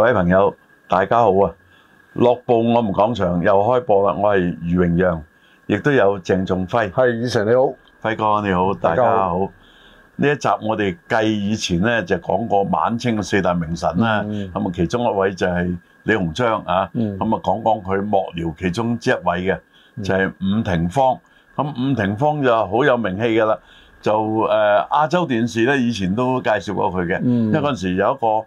各位朋友，大家好啊！《樂報我唔講場》又開播啦！我係余榮讓，亦都有鄭仲輝。係，以成你好，輝哥你好，大家好。呢一集我哋繼以前呢，就講過晚清四大名臣啦，咁、嗯、啊其中一位就係李鴻章啊，咁啊講講佢幕僚其中之一位嘅、嗯、就係伍廷芳。咁伍廷芳就好有名氣噶啦，就誒亞、呃、洲電視呢，以前都介紹過佢嘅，因為嗰陣時有一個。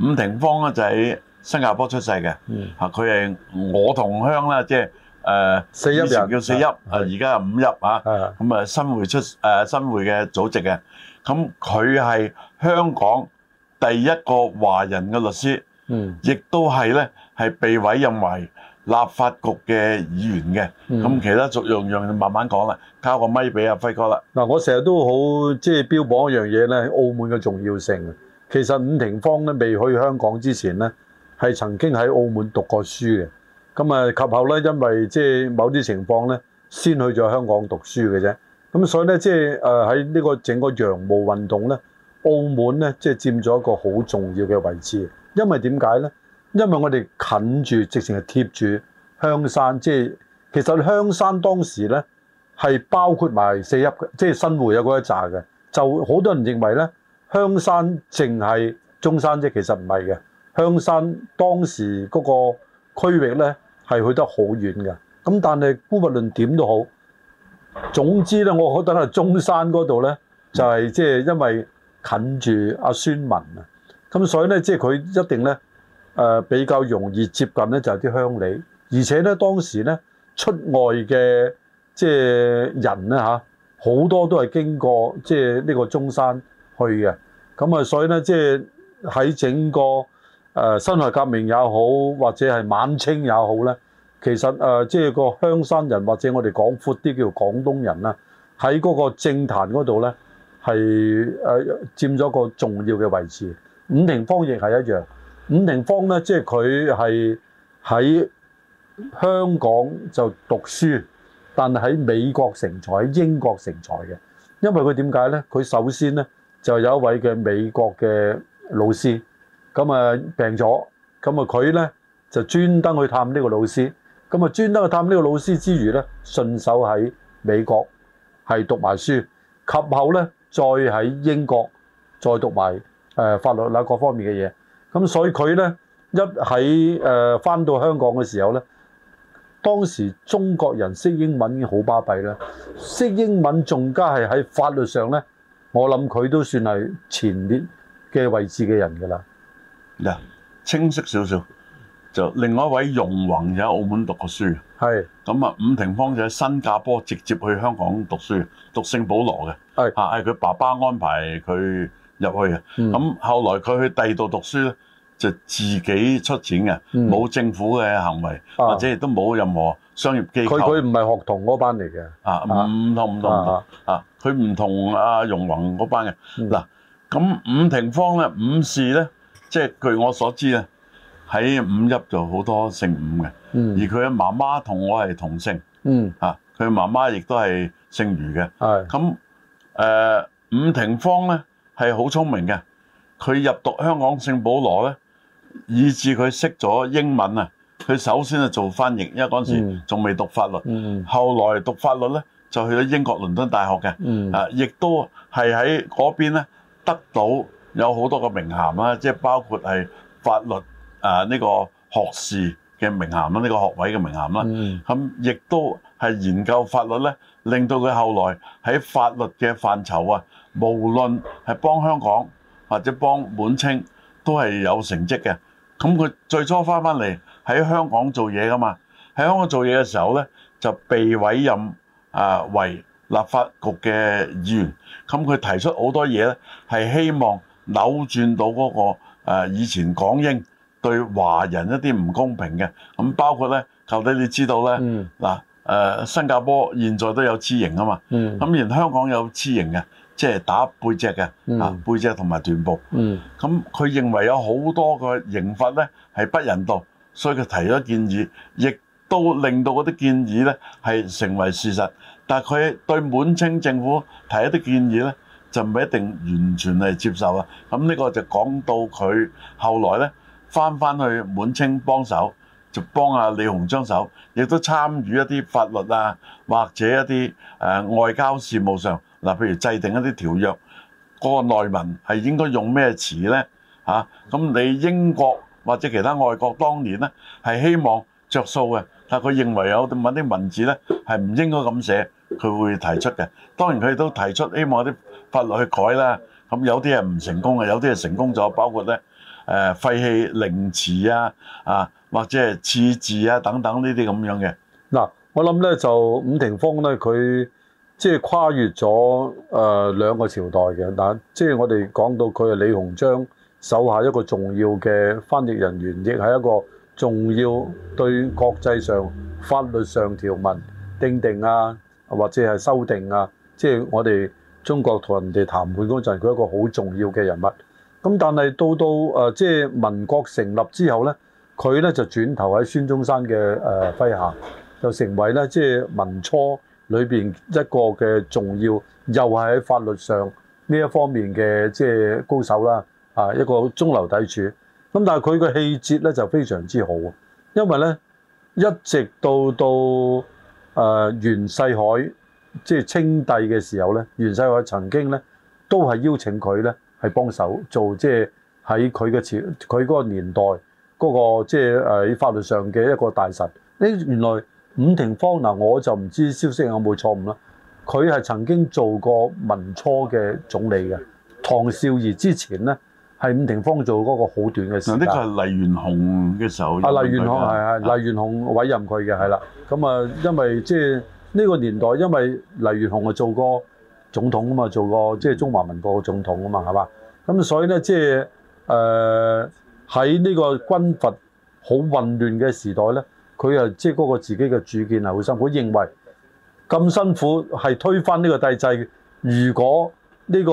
伍廷芳咧就喺新加坡出世嘅，啊佢係我同鄉啦，即係誒四邑，以前叫四邑，啊而家係五邑啊，咁啊新會出誒新會嘅祖籍嘅，咁佢係香港第一個華人嘅律師，嗯，亦都係咧係被委任為立法局嘅議員嘅，咁其他各樣各樣就慢慢講啦，交個咪俾阿輝哥啦。嗱，我成日都好即係標榜一樣嘢咧，喺澳門嘅重要性。其實伍廷芳咧未去香港之前咧，係曾經喺澳門讀過書嘅。咁啊，及後咧，因為即係某啲情況咧，先去咗香港讀書嘅啫。咁所以咧，即係誒喺呢個整個洋務運動咧，澳門咧即係佔咗一個好重要嘅位置。因為點解咧？因為我哋近住，直情係貼住香山。即係其實香山當時咧係包括埋四邑嘅，即係新會有嗰一紮嘅，就好多人認為咧。香山淨係中山啫，其實唔係嘅。香山當時嗰個區域咧，係去得好遠嘅。咁但係姑勿論點都好，總之咧，我覺得係中山嗰度咧，就係即係因為近住阿孫文啊，咁所以咧，即係佢一定咧，誒、呃、比較容易接近咧，就係啲鄉里。而且咧，當時咧出外嘅即係人咧嚇，好多都係經過即係呢個中山。去嘅咁啊，所以咧，即係喺整個誒辛亥革命也好，或者係晚清也好咧，其實誒即係個香山人，或者我哋講闊啲叫廣東人啦，喺嗰個政壇嗰度咧係誒佔咗個重要嘅位置。伍廷芳亦係一樣。伍廷芳咧，即係佢係喺香港就讀書，但係喺美國成才，喺英國成才嘅，因為佢點解咧？佢首先咧。就有一位嘅美國嘅老師，咁啊病咗，咁啊佢咧就專登去探呢個老師，咁啊專登去探呢個老師之餘咧，順手喺美國係讀埋書，及後咧再喺英國再讀埋誒、呃、法律啦各方面嘅嘢，咁所以佢咧一喺誒返到香港嘅時候咧，當時中國人識英文已經好巴閉啦，識英文仲加係喺法律上咧。我諗佢都算係前列嘅位置嘅人噶啦。嗱，清晰少少，就另外一位容宏就喺澳門讀過書，係咁啊。伍廷芳就喺新加坡直接去香港讀書，讀聖保羅嘅，係啊，係佢爸爸安排佢入去嘅。咁、嗯、後來佢去第二度讀書咧，就自己出錢嘅，冇、嗯、政府嘅行為，啊、或者亦都冇任何商業機構。佢唔係學童嗰班嚟嘅。啊，唔、嗯、通，唔、嗯、通。唔同啊！嗯嗯嗯嗯佢唔同阿、啊、容宏嗰班嘅嗱，咁伍廷芳咧，伍氏咧，即係據我所知咧，喺五邑就好多姓伍嘅、嗯，而佢嘅媽媽同我係同姓，嗯、啊，佢媽媽亦都係姓余嘅，咁、嗯、誒，伍廷芳咧係好聰明嘅，佢入讀香港聖保羅咧，以致佢識咗英文啊，佢首先係做翻譯，因為嗰陣時仲未讀法律、嗯嗯，後來讀法律咧。就去咗英國倫敦大學嘅、嗯，啊，亦都係喺嗰邊咧得到有好多個名銜啦，即係包括係法律啊呢個學士嘅名銜啦，呢個學位嘅名銜啦。咁、嗯、啊、亦都係研究法律咧，令到佢後來喺法律嘅範疇啊，無論係幫香港或者幫滿清都係有成績嘅。咁佢最初翻翻嚟喺香港做嘢噶嘛，喺香港做嘢嘅時候咧就被委任。啊，為立法局嘅議員，咁佢提出好多嘢咧，係希望扭轉到嗰、那個、啊、以前港英對華人一啲唔公平嘅，咁包括咧，求你，你知道咧，嗱、嗯啊、新加坡現在都有笞刑啊嘛，咁、嗯、而香港有笞刑嘅，即係打背脊嘅、嗯，啊背脊同埋臀部，咁、嗯、佢、嗯、認為有好多個刑罰咧係不人道，所以佢提咗建議，亦。都令到嗰啲建議咧係成為事實，但係佢對滿清政府提一啲建議咧就唔係一定完全係接受啦。咁呢個就講到佢後來咧翻翻去滿清幫手，就幫阿李鴻章手，亦都參與一啲法律啊或者一啲誒外交事務上嗱，譬如制定一啲條約，嗰個內文係應該用咩詞咧？嚇咁你英國或者其他外國當年咧係希望。着數嘅，但佢認為有啲文字呢係唔應該咁寫，佢會提出嘅。當然佢都提出希望啲法律去改啦。咁有啲係唔成功嘅，有啲係成功咗，包括呢誒、呃、廢棄凌、啊啊、遲啊，啊或者係刺字啊等等呢啲咁樣嘅。嗱，我諗呢就伍廷芳呢，佢即係跨越咗誒、呃、兩個朝代嘅，但即係我哋講到佢係李鴻章手下一個重要嘅翻譯人員，亦係一個。仲要對國際上法律上條文定定啊，或者係修訂啊，即係我哋中國同人哋談判嗰陣，佢一個好重要嘅人物。咁但係到到誒，即係民國成立之後呢，佢呢就轉頭喺孫中山嘅誒麾下，就成為咧即係民初裏邊一個嘅重要，又係喺法律上呢一方面嘅即係高手啦，啊一個中流砥柱。咁但係佢個氣節咧就非常之好啊，因為咧一直到到誒袁世凱即係清帝嘅時候咧，袁世凱、就是、曾經咧都係邀請佢咧係幫手做即係喺佢嘅佢個年代嗰、那個即係誒法律上嘅一個大臣。原來伍廷芳嗱，我就唔知消息有冇錯誤啦。佢係曾經做過民初嘅總理嘅唐紹儀之前咧。係伍廷芳做嗰個好短嘅時候，呢個係黎元洪嘅時候。啊，黎元洪係啊，黎元洪委任佢嘅係啦。咁啊、嗯，因為即係呢個年代，因為黎元洪係做過總統啊嘛，做過即係、即係、中華民國嘅總統啊嘛，係嘛？咁所以咧，即係誒喺呢個軍閥好混亂嘅時代咧，佢啊即係嗰個自己嘅主見係好辛苦，佢認為咁辛苦係推翻呢個帝制，如果呢、呢個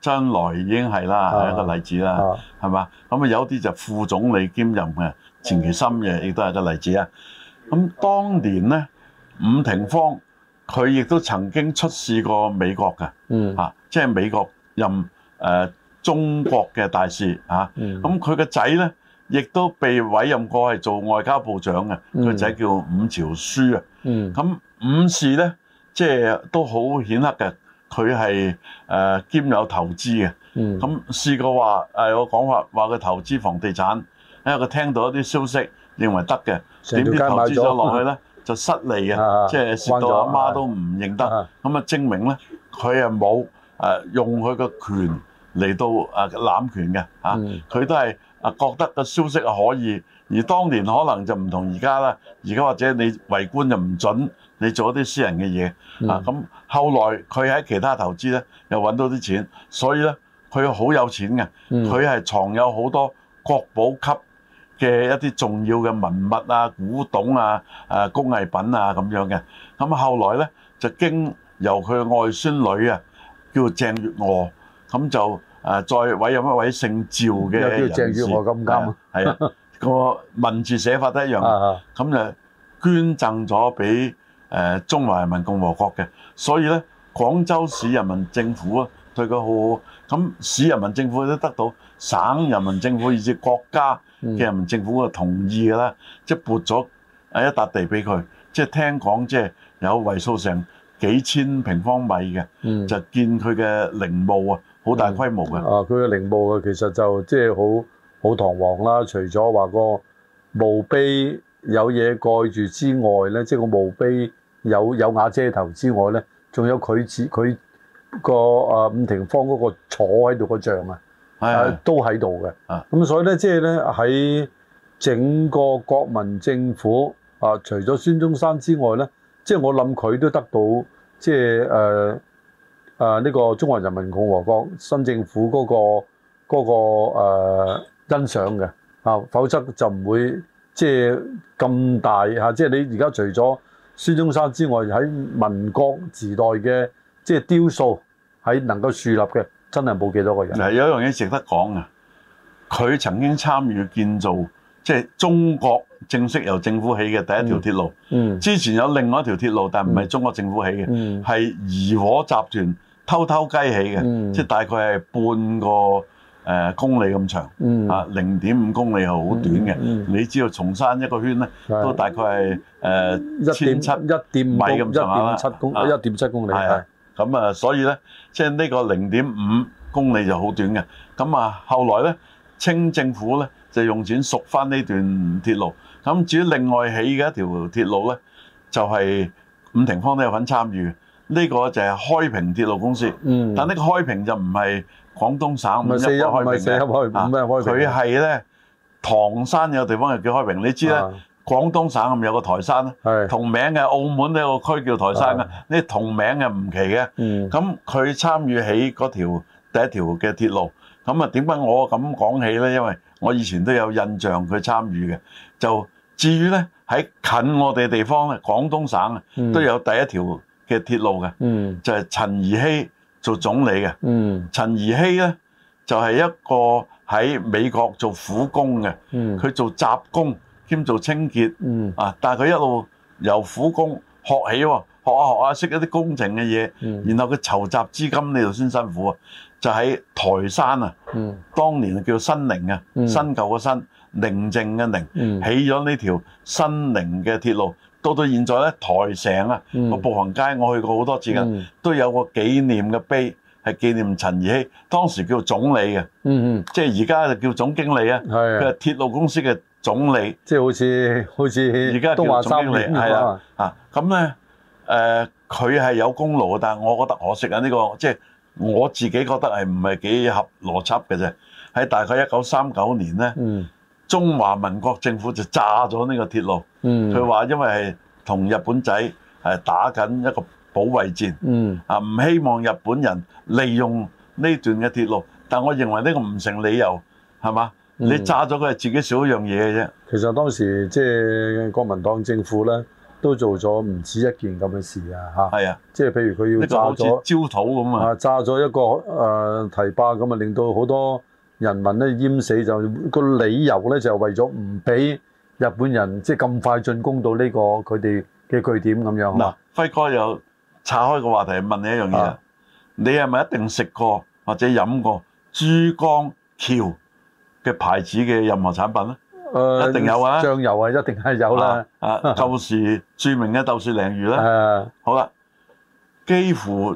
將來已經係啦，係一個例子啦，係嘛？咁啊，啊有啲就副總理兼任嘅，錢其琛嘅亦都係一個例子啊。咁當年咧，伍廷芳佢亦都曾經出使過美國嘅，嗯，啊，即、就、係、是、美國任誒、呃、中國嘅大使啊。咁佢個仔咧，亦都被委任過係做外交部長嘅，個、嗯、仔叫伍朝樞啊。咁伍氏咧，即係、就是、都好顯赫嘅。佢係、呃、兼有投資嘅，咁、嗯、試過話、呃、我講話話佢投資房地產，因為佢聽到一啲消息，認為得嘅，點知投資咗落去咧、嗯、就失利嘅、啊，即係蝕到阿媽都唔認得。咁啊，證、啊、明咧，佢、呃、啊冇用佢個權嚟到誒攬權嘅嚇，佢都係啊覺得個消息可以，而當年可能就唔同而家啦，而家或者你為官就唔準。你做一啲私人嘅嘢啊，咁後來佢喺其他投資咧又揾到啲錢，所以咧佢好有錢嘅，佢係藏有好多國寶級嘅一啲重要嘅文物啊、古董啊、啊工藝品啊咁樣嘅。咁後來咧就經由佢外孫女啊，叫鄭月娥，咁就誒再委任一位姓趙嘅，又叫鄭月娥咁橋，係啊個文字寫法都一樣，咁就捐贈咗俾。誒、呃、中華人民共和國嘅，所以咧廣州市人民政府啊對佢好好，咁市人民政府都得到省人民政府以至國家嘅人民政府嘅同意嘅啦、嗯，即係撥咗一笪地俾佢，即係聽講即係有位數成幾千平方米嘅、嗯，就見佢嘅陵墓啊，好大規模嘅、嗯。啊，佢嘅陵墓啊，其實就即係好好堂皇啦，除咗話個墓碑有嘢蓋住之外咧，即、就、係、是、個墓碑。有有瓦遮頭之外咧，仲有佢似佢個啊、呃、伍廷芳嗰個坐喺度個像啊，啊、呃、都喺度嘅。咁所以咧，即係咧喺整個國民政府啊，除咗孫中山之外咧，即、就、係、是、我諗佢都得到即係誒誒呢個中華人民共和國新政府嗰、那個嗰、那個呃、欣賞嘅啊，否則就唔會即係咁大嚇。即、啊、係、就是、你而家除咗孫中山之外，喺民國時代嘅即係雕塑，喺能夠樹立嘅真係冇幾多個人。係有一樣嘢值得講啊！佢曾經參與建造即係、就是、中國正式由政府起嘅第一條鐵路嗯。嗯，之前有另外一條鐵路，但唔係中國政府起嘅，係怡和集團偷偷，偷雞起嘅，即、嗯、係、就是、大概係半個。誒公里咁長，啊零點五公里係好短嘅。你知道松山一個圈咧，都大概係誒一千七一點五公一點七公一點七公里。係咁啊，所以咧，即係呢個零點五公里就好短嘅。咁啊，後來咧，清政府咧就用錢贖翻呢段鐵路。咁至於另外起嘅一條鐵路咧，就係伍廷芳都有份參與。呢個就係開平鐵路公司。嗯，但呢個開平就唔係。廣東省唔係四邑開平啊！佢係咧唐山有地方又叫開平，你知咧廣東省咁有個台山啦，同名嘅，澳門都有個區叫台山嘅，呢同名嘅唔奇嘅。咁佢參與起嗰條第一條嘅鐵路，咁啊點解我咁講起咧？因為我以前都有印象佢參與嘅。就至於咧喺近我哋地方咧，廣東省都有第一條嘅鐵路嘅，就係陳宜禧，做總理嘅、嗯，陳怡希咧就係、是、一個喺美國做苦工嘅，佢、嗯、做雜工兼做清潔，嗯、啊！但佢一路由苦工學起喎、哦，學下、啊、學下、啊、識、啊、一啲工程嘅嘢、嗯，然後佢籌集資金呢度先辛苦啊！就喺台山啊、嗯，當年叫新寧啊、嗯，新舊嘅新寧靜嘅寧，起咗呢條新寧嘅鐵路。到到現在咧，台城啊，個步行街，我去過好多次嘅、嗯嗯，都有個紀念嘅碑，係紀念陳宜禧，當時叫做總理嘅，嗯嗯，即係而家就叫總經理啊，係佢係鐵路公司嘅總理，是即係好似好似而家叫總經理係啦，啊，咁咧誒，佢、呃、係有功勞，但係我覺得可惜啊，呢、這個即係我自己覺得係唔係幾合邏輯嘅啫。喺大概一九三九年咧、嗯，中華民國政府就炸咗呢個鐵路。嗯，佢話因為係同日本仔打緊一個保衛戰，嗯啊唔希望日本人利用呢段嘅鐵路，但我認為呢個唔成理由，係嘛、嗯？你炸咗佢係自己少一樣嘢嘅啫。其實當時即係、就是、國民黨政府呢都做咗唔止一件咁嘅事啊，係啊，即係譬如佢要炸好似焦、這個、土咁啊，炸咗一個誒堤壩咁啊，令到好多人民咧淹死，就、那個理由呢，就係、是、為咗唔俾。日本人即係咁快進攻到呢個佢哋嘅據點咁樣。嗱，輝哥又岔開個話題問你一樣嘢啊，你係咪一定食過或者飲過珠江橋嘅牌子嘅任何產品咧？誒，一定有啊，醬油啊，一定係有啦。啊，舊時著名嘅豆豉鯪魚咧，好啦，幾乎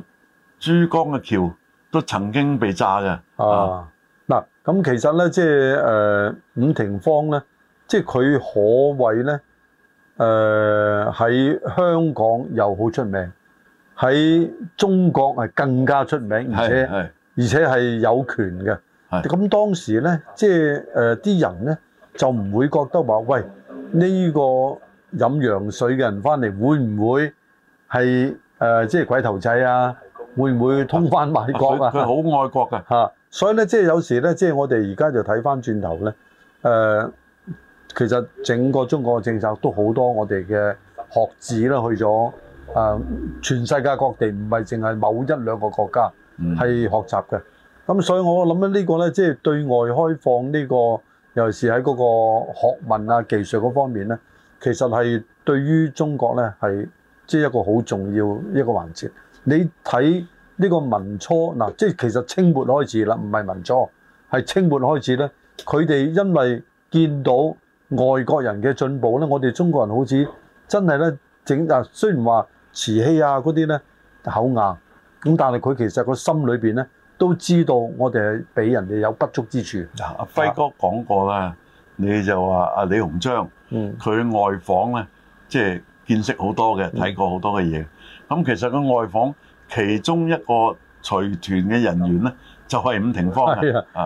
珠江嘅橋都曾經被炸嘅。啊，嗱，咁其實咧，即係誒伍廷芳咧。即係佢可謂咧，誒、呃、喺香港又好出名，喺中國係更加出名，而且是而且係有權嘅。咁當時咧，即係誒啲人咧就唔會覺得話喂呢、這個飲洋水嘅人翻嚟會唔會係誒、呃、即係鬼頭仔啊？會唔會通翻賣國啊？佢、啊、好愛國㗎嚇、啊，所以咧即係有時咧，即係我哋而家就睇翻轉頭咧，誒、呃。其實整個中國嘅政策都好多我哋嘅學子啦，去咗誒全世界各地，唔係淨係某一兩個國家係學習嘅。咁、嗯、所以我諗緊呢個呢，即、就、係、是、對外開放呢、呢個，尤其是喺嗰個學問啊、技術嗰方面呢，其實係對於中國呢，係即係一個好重要一個環節。你睇呢個民初嗱、啊，即係其實清末開始啦，唔係民初，係清末開始呢，佢哋因為見到外國人嘅進步咧，我哋中國人好似真係咧整啊。雖然話慈禧啊嗰啲咧口硬，咁但係佢其實個心裏邊咧都知道，我哋係比人哋有不足之處。阿、啊、輝哥講過啦、啊，你就話阿李鴻章，佢、嗯、外訪咧，即、就、係、是、見識好多嘅，睇過好多嘅嘢。咁、嗯、其實佢外訪其中一個隨團嘅人員咧、嗯，就係伍廷芳。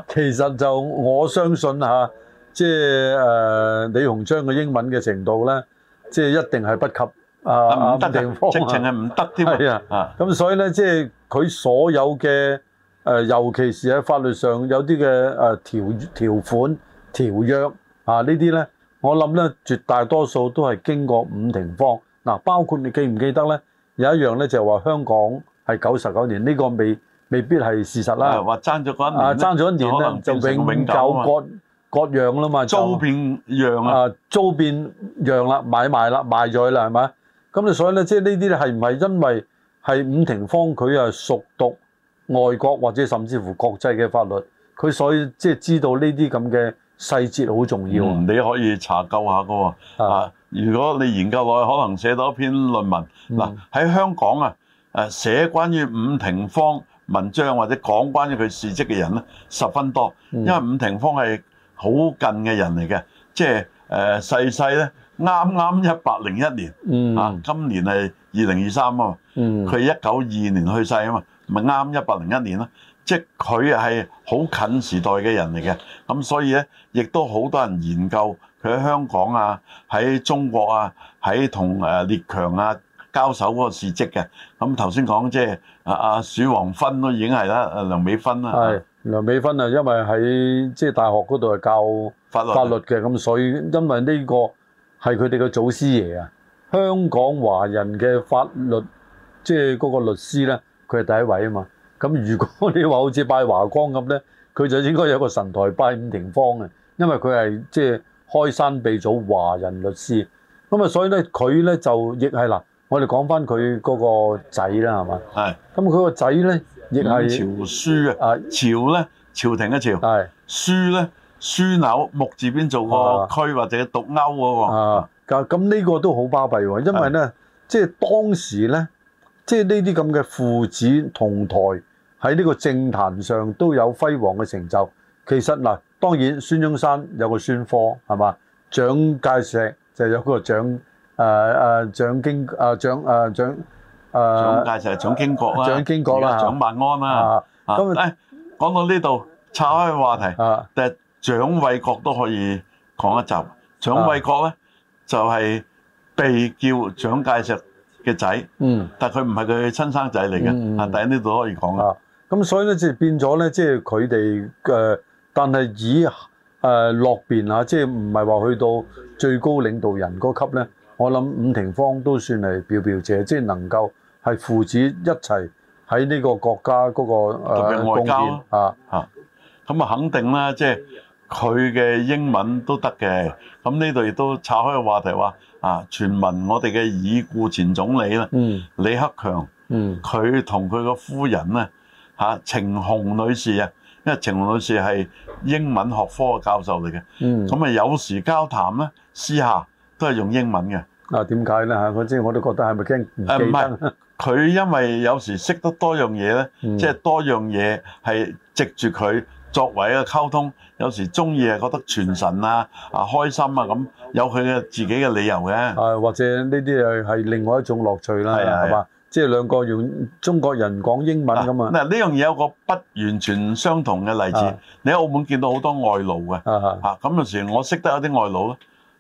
其實就我相信嚇、啊。即係誒、呃、李鴻章嘅英文嘅程度咧，即係一定係不及啊不的伍廷芳，直情係唔得添。係啊，咁、啊、所以咧，即係佢所有嘅誒、呃，尤其是喺法律上有啲嘅誒條條款、條約啊這些呢啲咧，我諗咧絕大多數都係經過伍廷芳。嗱、啊，包括你記唔記得咧？有一樣咧就係、是、話香港係九十九年，呢、這個未未必係事實啦。話爭咗嗰一年，咗、啊、一年咧就永永久割、啊。各樣啦嘛，租變樣啊，啊租變樣啦，買賣啦，賣咗佢啦，係咪？咁你所以咧，即係呢啲咧係唔係因為係伍廷芳佢啊熟讀外國或者甚至乎國際嘅法律，佢所以即係知道呢啲咁嘅細節好重要、嗯。你可以查究下噶喎，啊，如果你研究落去，可能寫到一篇論文嗱喺、啊嗯、香港啊，誒寫關於伍廷芳文章或者講關於佢事蹟嘅人咧十分多，因為伍廷芳係好近嘅人嚟嘅，即係誒逝世咧啱啱一百零一年，嗯啊，今年係二零二三啊嘛，嗯，佢一九二二年去世啊嘛，咪啱一百零一年咯，即係佢係好近時代嘅人嚟嘅，咁所以咧亦都好多人研究佢喺香港啊，喺中國啊，喺同列強啊交手嗰個事蹟嘅，咁頭先講即係阿阿許黃芬都已經係啦，阿梁美芬啦、啊。梁美芬啊，因為喺即係大學嗰度係教法律嘅，咁所以因為呢個係佢哋嘅祖師爺啊，香港華人嘅法律即係嗰個律師咧，佢係第一位啊嘛。咁如果你話好似拜華光咁咧，佢就應該有個神台拜伍廷芳嘅，因為佢係即係開山鼻祖華人律師。咁啊，所以咧佢咧就亦係嗱，我哋講翻佢嗰個仔啦，係嘛？係。咁佢個仔咧？亦係朝樞啊，朝咧，朝廷嘅朝；樞咧，樞紐木字邊做個區或者讀歐嘅啊！咁、啊、呢個都好巴閉喎，因為咧，即係當時咧，即係呢啲咁嘅父子同台喺呢個政壇上都有輝煌嘅成就。其實嗱、啊，當然孫中山有個孫科係嘛，蔣介石就有個蔣、啊啊、蔣經、啊啊蔣啊蔣蔣介石、蔣、啊、經國啦，而家蔣萬安啦，咁、啊、誒，講、啊啊啊、到呢度，岔開話題，誒、啊，蔣、啊、緯國都可以講一集。蔣、啊、緯國咧就係、是、被叫蔣介石嘅仔，嗯，但係佢唔係佢嘅親生仔嚟嘅，啊，但係呢度可以講咁、啊、所以咧就變咗咧，即係佢哋嘅。但係以誒落邊啊，即係唔係話去到最高領導人嗰級咧，我諗伍廷芳都算係表表者，即、就、係、是、能夠。係父子一齊喺呢個國家嗰個誒外交啊啊！咁啊肯定啦，即係佢嘅英文都得嘅。咁呢度亦都拆開個話題話啊，傳聞我哋嘅已故前總理啦、嗯，李克強，佢同佢個夫人咧嚇程虹女士啊，因為程虹女士係英文學科嘅教授嚟嘅。咁、嗯、啊有時交談咧，私下都係用英文嘅。啊點解咧嚇？反正我都覺得係咪驚唔記佢因為有時識得多樣嘢咧、嗯，即係多樣嘢係藉住佢作為一個溝通。有時中意係覺得傳神啊、啊開心啊咁，有佢嘅自己嘅理由嘅。誒，或者呢啲係另外一種樂趣啦，係嘛？即係兩個用中國人講英文咁啊。嗱，呢樣嘢有個不完全相同嘅例子。你喺澳門見到好多外勞嘅。咁、啊、有時，我識得一啲外勞咧。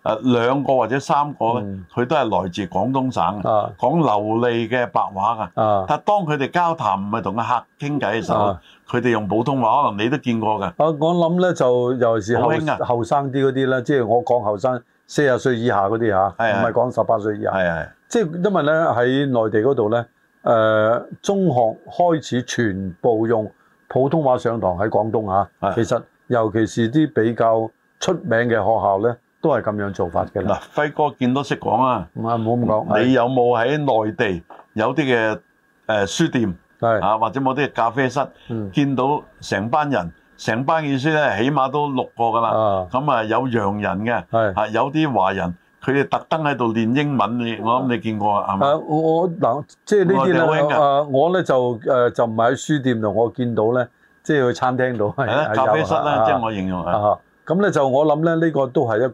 誒兩個或者三個咧，佢、嗯、都係來自廣東省嘅，講、啊、流利嘅白話噶、啊。但當佢哋交談唔係同阿客傾偈嘅時候，佢、啊、哋用普通話，可能你都見過嘅。我我諗咧就尤其是後後生啲嗰啲啦，即係、啊就是、我講後生四十歲以下嗰啲嚇，唔係講十八歲以下。係係，即、就、係、是、因為咧喺內地嗰度咧，誒、呃、中學開始全部用普通話上堂喺廣東嚇、啊。其實尤其是啲比較出名嘅學校咧。都係咁樣做法嘅。嗱，輝哥見到識講啊，唔係，唔好咁講。你有冇喺內地有啲嘅誒書店係啊，或者某啲咖啡室、嗯、見到成班人，成班嘅書咧，起碼都六個㗎啦。咁啊，啊，有洋人嘅係啊，有啲華人，佢哋特登喺度練英文嘅。我諗你見過係嗎、啊啊？我嗱，即係呢啲啊誒，我咧就誒就唔係喺書店度，我見到咧，即、就、係、是、去餐廳度、啊、 咖啡室啦，即、啊、係、就是、我形容啊。咁咧就我諗咧，呢個都係一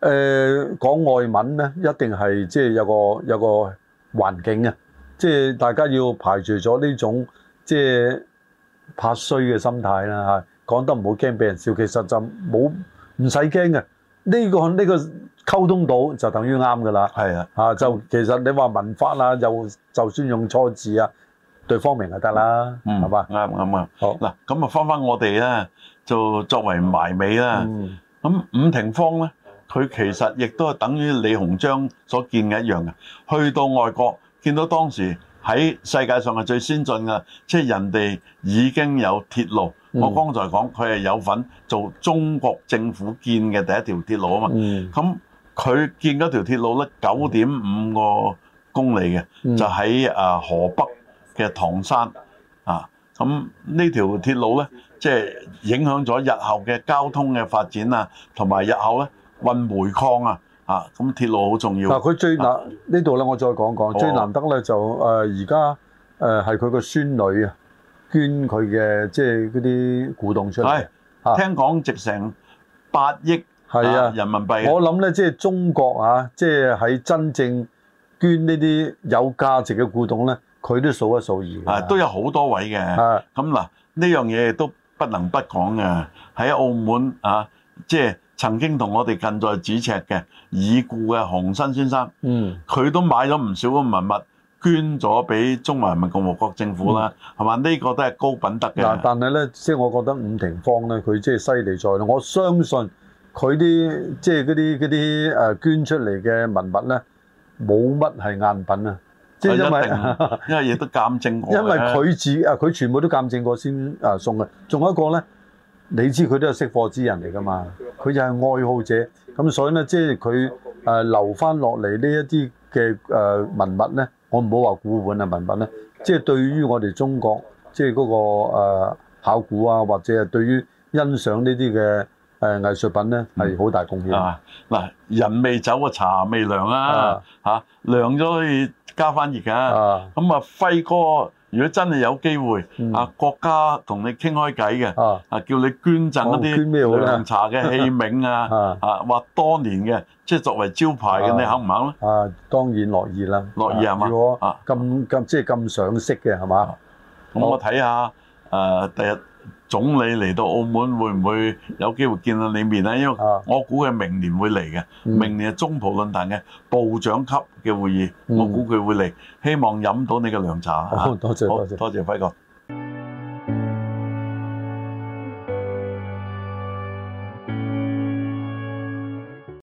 個誒講外文咧，一定係即係有個有個環境啊！即係大家要排除咗呢種即係怕衰嘅心態啦嚇。講得唔好驚俾人笑，其實就冇唔使驚嘅。呢個呢個溝通到就等於啱噶啦。係啊，嚇就其實你話文法啊，又就算用錯字啊，對方明就得啦，係嘛？啱唔啱啊？好嗱，咁啊，翻返我哋啦。就作為埋尾啦。咁伍廷芳咧，佢其實亦都係等於李鴻章所見嘅一樣嘅。去到外國，見到當時喺世界上係最先進嘅，即係人哋已經有鐵路。我剛才講佢係有份做中國政府建嘅第一條鐵路啊嘛。咁佢建嗰條鐵路咧，九點五個公里嘅，就喺啊河北嘅唐山啊。咁呢條鐵路咧，即係影響咗日後嘅交通嘅發展啊，同埋日後咧運煤礦啊，啊，咁鐵路好重要。嗱，佢最難呢度咧，我再講講最難得咧，就誒而家誒係佢個孫女啊捐佢嘅即係嗰啲古董出嚟。係，聽講值成八億，係啊人民幣。我諗咧，即係中國啊，即係喺真正捐呢啲有價值嘅古董咧。佢都數一數二啊，都有好多位嘅。啊，咁嗱，呢樣嘢都不能不講嘅。喺澳門啊，即、就、係、是、曾經同我哋近在咫尺嘅已故嘅鴻燊先生，嗯，佢都買咗唔少嘅文物捐咗俾中華人民共和國政府啦，係、嗯、嘛？呢、這個都係高品德嘅、啊。但係咧，即、就、係、是、我覺得伍廷芳咧，佢即係犀利在我相信佢啲即係嗰啲嗰啲誒捐出嚟嘅文物咧，冇乜係贋品啊。即、就、係、是、因為因為亦都鑑證過，因為佢自啊佢全部都鑑證過先啊送嘅。仲有一個咧，你知佢都係識貨之人嚟噶嘛？佢就係愛好者，咁所以咧，即係佢誒留翻落嚟呢一啲嘅誒文物咧，我唔好話古本啊文物咧，即、就、係、是、對於我哋中國即係嗰個、呃、考古啊，或者係對於欣賞呢啲嘅。誒藝術品咧係好大貢獻啊！嗱，人未走啊，茶未涼啊，嚇涼咗可以加翻熱㗎。咁啊，輝哥，如果真係有機會，啊國家同你傾開偈嘅，啊叫你捐贈一啲龍茶嘅器皿啊，啊話多年嘅，即係作為招牌嘅，你肯唔肯咧？啊，當然樂意啦，樂意係嘛？如果咁咁即係咁賞識嘅係嘛？咁我睇下誒第日，總理嚟到澳門會唔會有機會見到你面呢？因為我估佢明年會嚟嘅，啊嗯，明年係中葡論壇嘅部長級嘅會議，嗯、我估佢會嚟，希望飲到你嘅涼茶多，哦，謝，謝好多謝，多謝輝哥。